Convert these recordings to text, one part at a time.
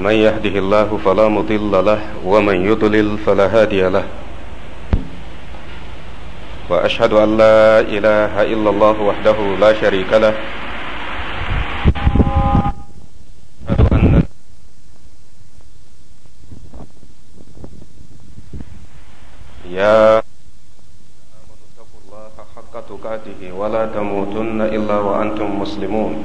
من يهده الله فلا مضل له ومن يضلل فلا هادي له واشهد ان لا اله الا الله وحده لا شريك له يا امنوا اتقوا الله حق تقاته ولا تموتن الا وانتم مسلمون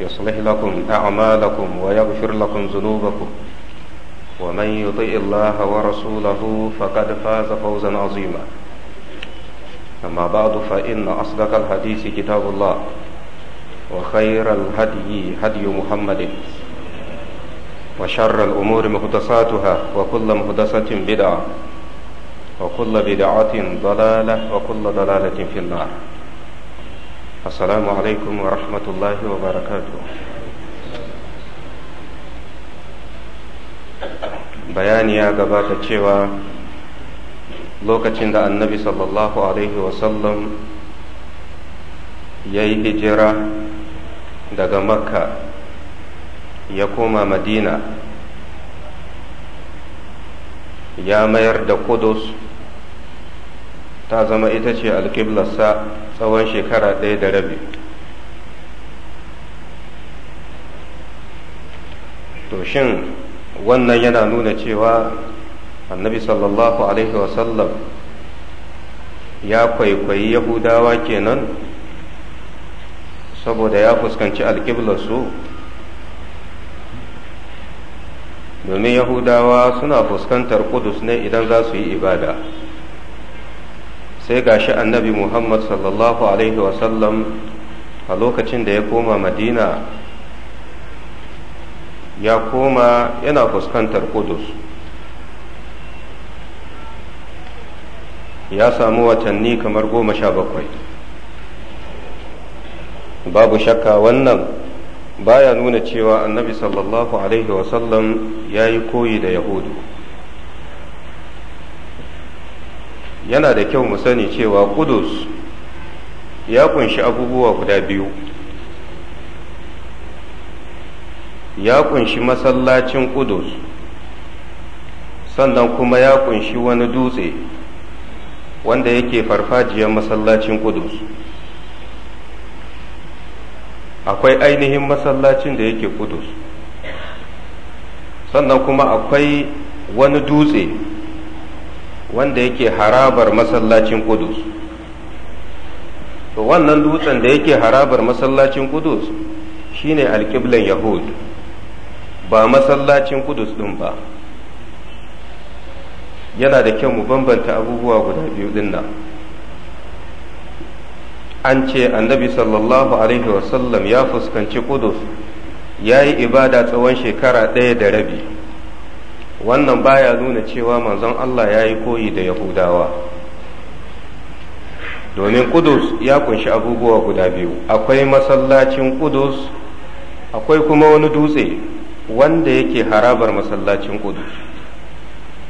يصلح لكم أعمالكم ويغفر لكم ذنوبكم ومن يطيء الله ورسوله فقد فاز فوزا عظيما أما بعد فإن أصدق الحديث كتاب الله وخير الهدي هدي محمد وشر الأمور محدثاتها وكل محدثة بدعة وكل بدعة ضلالة وكل ضلالة في النار السلام عليكم ورحمة الله وبركاته bayani ya gabata cewa lokacin da annabi sallallahu alaihi wasallam ya yi hijira daga makka ya koma madina ya mayar da kudus ta zama ita ce alƙiblarsa tsawon shekara ɗaya da rabi to shin wannan yana nuna cewa annabi sallallahu alaihi wasallam ya kwaikwayi yahudawa kenan saboda ya fuskanci alƙiblarsu domin yahudawa suna fuskantar kudus ne idan za su yi ibada sai gashi annabi muhammad sallallahu alaihi wasallam a lokacin da ya koma madina ya koma yana fuskantar kudus ya samu watanni kamar goma sha bakwai babu shakka wannan baya nuna cewa annabi sallallahu alaihi wasallam ya yi koyi da yahudu yana da kyau mu sani cewa kudus ya kunshi abubuwa guda biyu ya kunshi masallacin kudus sannan kuma ya kunshi wani dutse wanda yake farfajiyar masallacin kudus akwai ainihin masallacin da yake kudus sannan kuma akwai wani dutse wanda yake harabar masallacin kudus to wannan dutsen da yake harabar masallacin kudus shine alkiblan yahud ba masallacin kudus ɗin ba yana da kyau mu bambanta abubuwa guda biyu ɗin nan an ce annabi sallallahu alaihi wasallam ya fuskanci kudus ya yi ibada tsawon shekara ɗaya da rabi wannan baya nuna cewa manzon Allah ya yi koyi da yahudawa domin kudus ya kunshi abubuwa guda biyu akwai masallacin kudus akwai kuma wani dutse wanda yake harabar masallacin kudus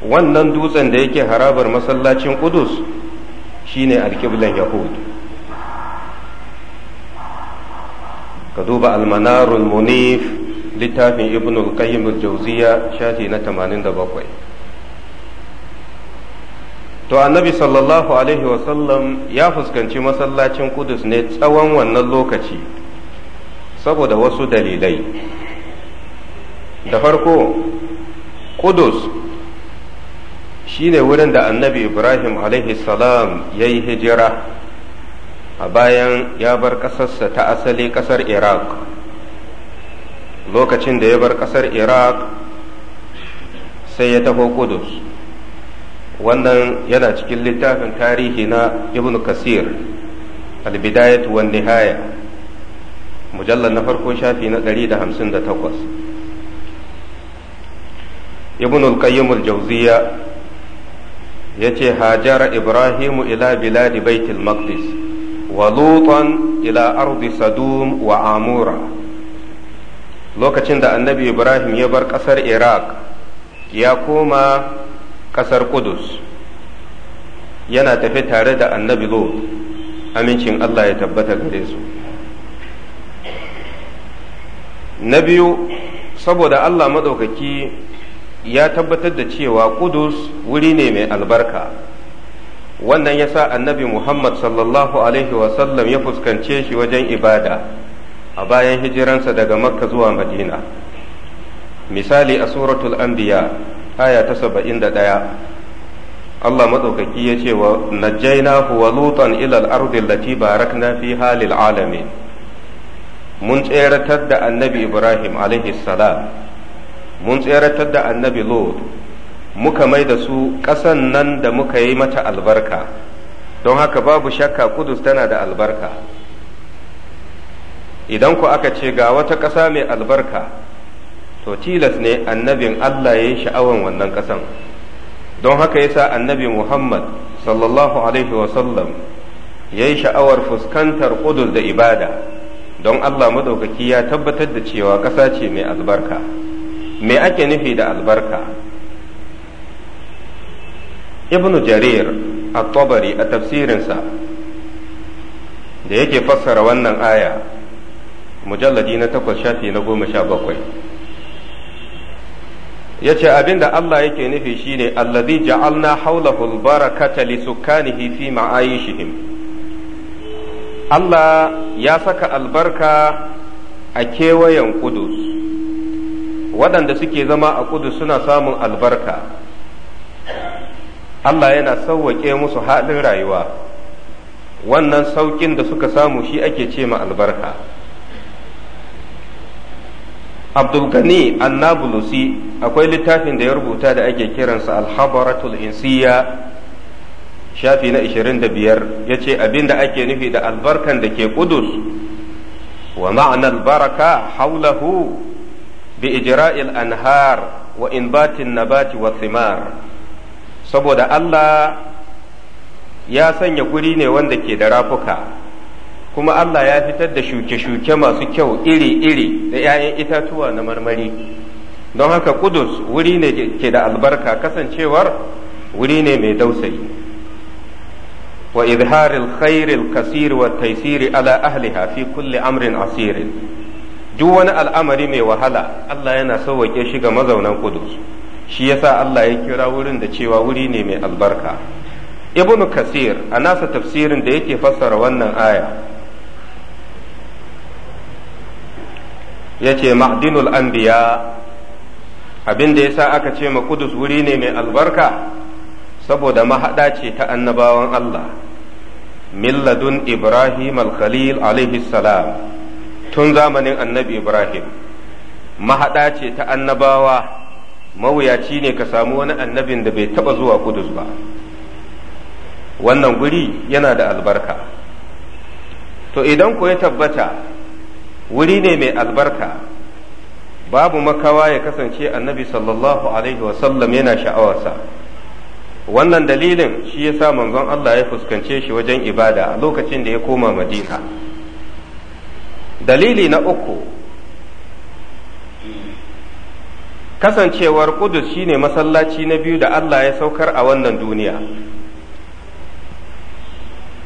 wannan dutsen da yake harabar masallacin kudus shine alkiblan Yahud. ka duba almanarul munif littafin ibn al-qayyim al-jawziya shafi na 87 to annabi sallallahu alaihi wa sallam ya fuskanci masallacin kudus ne tsawon wannan lokaci saboda wasu dalilai da farko kudus shine wurin da annabi ibrahim alaihi salam ya yi hijira a bayan ya bar ƙasarsa ta asali ƙasar iraq lokacin da ya bar ƙasar iraq sai ya taho kudus wannan yana cikin littafin tarihi na ibn kasir albidayatu wan nihaya mujallar na farko shafi na 158 ibn al-qayyim al-jawziya yace hajara ibrahimu ila biladi baitul maqdis wa lutan ila ardi sadum wa amura lokacin da annabi ibrahim ya bar ƙasar iraq ya koma ƙasar kudus yana tafe tare da annabi lot amincin allah ya tabbata gare su na biyu saboda allah maɗaukaki ya tabbatar da cewa kudus wuri ne mai albarka wannan ya sa annabi muhammad sallallahu alaihi wasallam ya fuskance shi wajen ibada a bayan hijiransa daga makka zuwa madina misali a suratul anbiya aya ta saba'in da ɗaya Allah matsaukaki ya ce wa najjaina huwa lutan ilal ardi lati barakna fi halil alami mun tseratar da annabi ibrahim alaihi salam mun tseratar da annabi lut muka mai da su ƙasan nan da muka yi mata albarka don haka babu shakka kudus tana da albarka idan ku aka ce ga wata ƙasa mai albarka to tilas ne annabin Allah ya yi sha'awan wannan ƙasan don haka yasa annabi Muhammad sallallahu alaihi wasallam ya yi sha'awar fuskantar ƙudus da ibada don Allah madaukaki ya tabbatar da cewa ƙasa ce mai albarka me ake nufi da albarka ibnu jarir at-tabari a tafsirinsa da yake fassara wannan aya mujalladi na takwas shafi na goma sha bakwai ya ce abin da Allah yake nufi shine allazi ja'alna haulahul barakata li sukkanihi fi ma'ayishihim Allah ya saka albarka a kewayen kudus waɗanda suke zama a kudus suna samun albarka Allah yana sauwaƙe musu haɗin rayuwa wannan sauƙin da suka samu shi ake ce ma albarka abdulgani annabulusi akwai littafin da ya rubuta da ake kiransa alhabaratul insiya shafi na 25 ya ce abin da ake nufi da albarkan da ke kudus wa ma'anar baraka haulahu bi ijra'il anhar wa inbatin nabati wa thimar saboda Allah ya sanya guri ne wanda ke da rafuka kuma Allah ya fitar da shuke-shuke masu kyau iri-iri da 'ya'yan itatuwa na marmari don haka kudus wuri ne ke da albarka kasancewar wuri ne mai dausayi wa izharil khairil kasir wa taisiri ala ahliha fi kulli amrin asirin duk wani al'amari mai wahala Allah yana sauwake shi ga mazaunan kudus shi yasa Allah ya kira wurin da cewa wuri ne mai albarka ibnu kasir a nasa tafsirin da yake fassara wannan aya ya ce ma'dinul anbiya abin da ya sa aka ce ma kudus wuri ne mai albarka saboda mahaɗa ce ta annabawan Allah milladun Ibrahim al-Khalil alaihi salam tun zamanin annabi Ibrahim mahaɗa ce ta annabawa mawuyaci ne ka samu wani annabin da bai taɓa zuwa kudus ba wannan guri yana da albarka to idan ku ya tabbata wuri ne mai albarka babu makawa ya kasance annabi sallallahu alaihi wasallam yana sha'awarsa wannan dalilin shi ya sa manzon Allah ya fuskance shi wajen ibada a lokacin da ya koma madina dalili na uku kasancewar kudus shine masallaci na biyu da Allah ya saukar a wannan duniya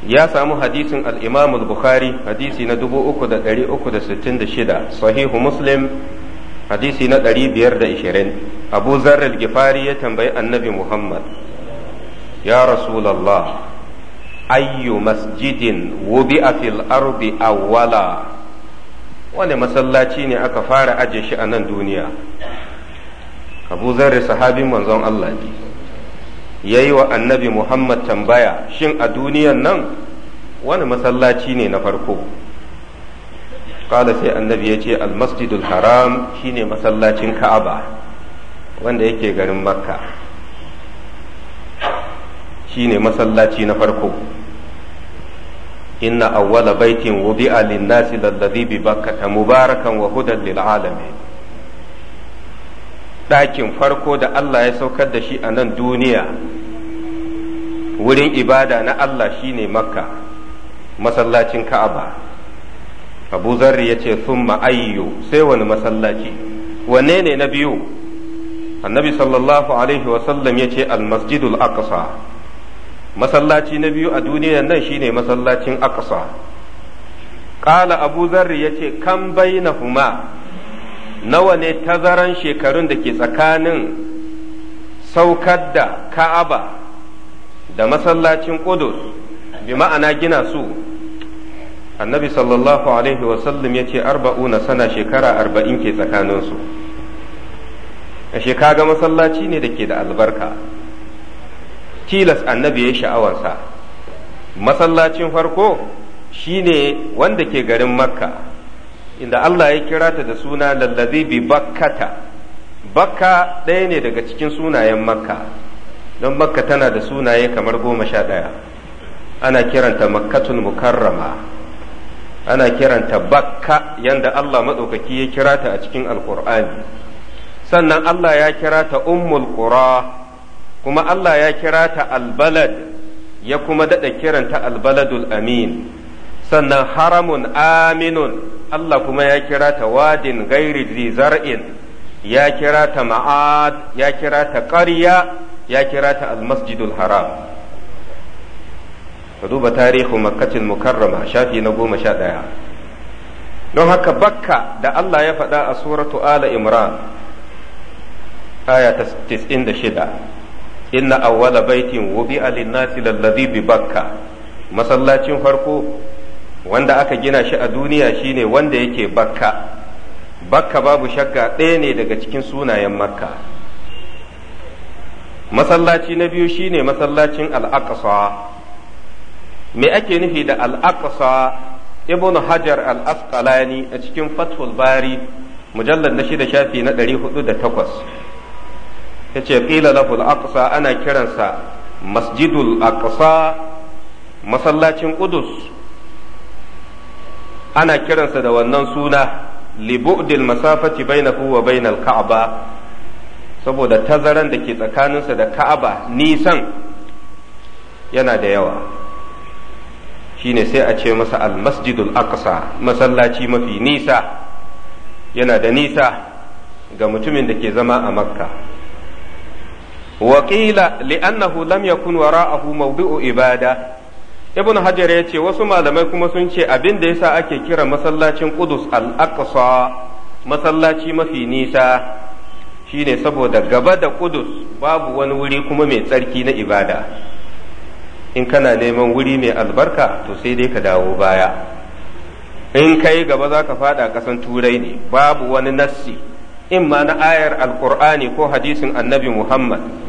ya samu hadisin al'imamul al-Bukhari hadisi na 3366 sahihu Muslim hadisi na 520 Abu Zarr gifari ya tambayi Annabi Muhammad ya rasulallah ayyu masjidin wudi'a fil ardi awwala wani masallaci ne aka fara aje shi a nan duniya Abu Zarr sahabin manzon Allah ne ya yi wa annabi Muhammad tambaya shin a duniyan nan wani masallaci ne na farko kala sai annabi ya ce almasjidul haram shine masallacin ka'aba wanda yake garin makka shine masallaci na farko inna awwala baitin wudi'a lin-nasi lalladhi bi bakka mubarakan wa hudan lil alamin ɗakin farko da Allah ya saukar da shi a nan duniya wurin ibada na Allah shine makka masallacin ka'aba abu zarri ya ce sun ma'ayyo sai wani masallaci wanne ne na biyu annabi sallallahu alaihi wasallam ya ce almasjidul aqsa masallaci na biyu a duniya nan shine masallacin aqsa qala abu zarri ya ce kan bainahuma nawa ne tazaran shekarun da ke tsakanin saukar da ka'aba da masallacin ƙudus bi ma'ana gina su annabi sallallahu alaihi wasallam ya ce arba'una sana shekara arba'in ke tsakaninsu ashe kaga masallaci ne da ke da albarka tilas annabi ya sha'awarsa masallacin farko shine wanda ke garin makka inda Allah ya kira ta da suna lallazi bi bakkata bakka ɗaya ne daga cikin sunayen makka don makka tana da sunaye kamar goma sha ɗaya ana kiranta makkatun mukarrama ana kiranta bakka yanda Allah maɗaukaki ya kira ta a cikin alkur'ani sannan Allah ya kira ta ummul qura kuma Allah ya kira ta albalad ya kuma daɗa kiranta albaladul amin sannan haramun aminun Allah kuma ya kira ta wadin gairi zar'in ya kira ta ma'ad ya kira ta ƙarya ya kira ta almasjidul haram ka duba tarihin makkacin mukarrama shafi na goma sha ɗaya don haka bakka da Allah ya faɗa a suratu ala imran aya ta 96 inna awwala baitin wubi alinnasi lallazi bi bakka masallacin farko wanda aka gina shi a duniya shine wanda yake bakka bakka babu shakka ɗaya ne daga cikin sunayen makka masallaci na biyu shine masallacin al'aqsa me ake nufi da al'aqsa ibn hajar al-asqalani a cikin fathul bari mujallar na shida shafi na 408 ya ce ƙila lahul aqsa ana kiransa masjidul aqsa masallacin ƙudus ana kiransa da wannan suna libu'dil masafati bainahu wa bainal ka'aba saboda tazaran da ke tsakaninsa da ka'aba nisan yana da yawa shine sai a ce masa almasjidul aqsa masallaci mafi nisa yana da nisa ga mutumin da ke zama a makka وقيل li'annahu lam yakun wara'ahu موضع ibada. ibn hajar ya ce wasu malamai kuma sun ce abin da yasa ake kira masallacin qudus al-aqsa masallaci mafi nisa shine saboda gaba da qudus babu wani wuri kuma mai tsarki na ibada in kana neman wuri mai albarka to sai dai ka dawo baya in kai gaba za ka fada kasan turai ne babu wani nassi in ma na ayar alkur'ani ko hadisin annabi muhammad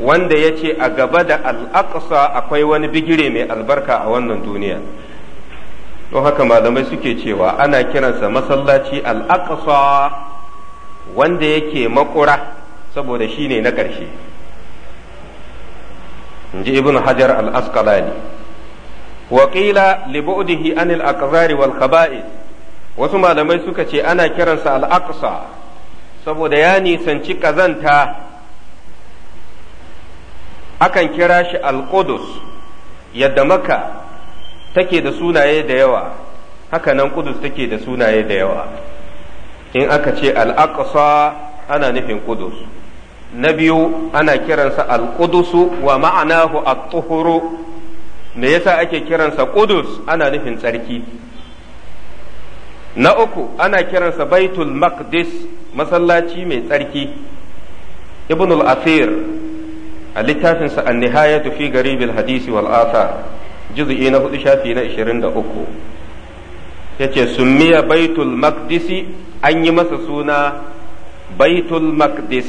wanda ya ce a gaba da al'aqsa akwai wani bigire mai albarka a wannan duniya to haka malamai suke cewa ana kiransa masallaci al'aqsa wanda yake makura saboda shi ne na ƙarshe in ji ibn hajar al'asqalani waƙila libu'dihi anil aqzari wal khaba'i wasu malamai suka ce ana kiransa al'aqsa saboda ya nisanci ƙazanta akan kira shi al-Qudus yadda maka take da sunaye da yawa haka nan Qudus take da sunaye da yawa in aka ce al-Aqsa ana nufin Qudus na biyu ana kiransa al-Qudusu wa ma'anahu a tuhuru me yasa ake kiransa Qudus ana nufin tsarki na uku ana kiransa Baitul Maqdis masallaci mai tsarki Ibn al-Athir a littafinsa an nihayatu fi garibil hadisi wal athar juz'i na hudu shafi na 23 yace summiya baitul maqdisi an yi masa suna baitul maqdis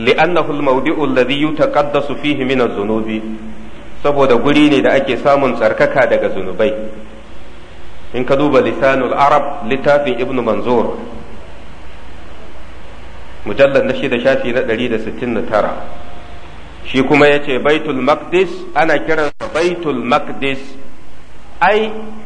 li'annahu al-mawdi'u alladhi yutaqaddasu fihi min az-zunubi saboda guri ne da ake samun tsarkaka daga zunubai in ka duba lisanul arab littafin ibnu manzur mujallar na shida shafi na ɗari da tara shi kuma ya ce baitul maqdis ana kiransa baitul maqdis ai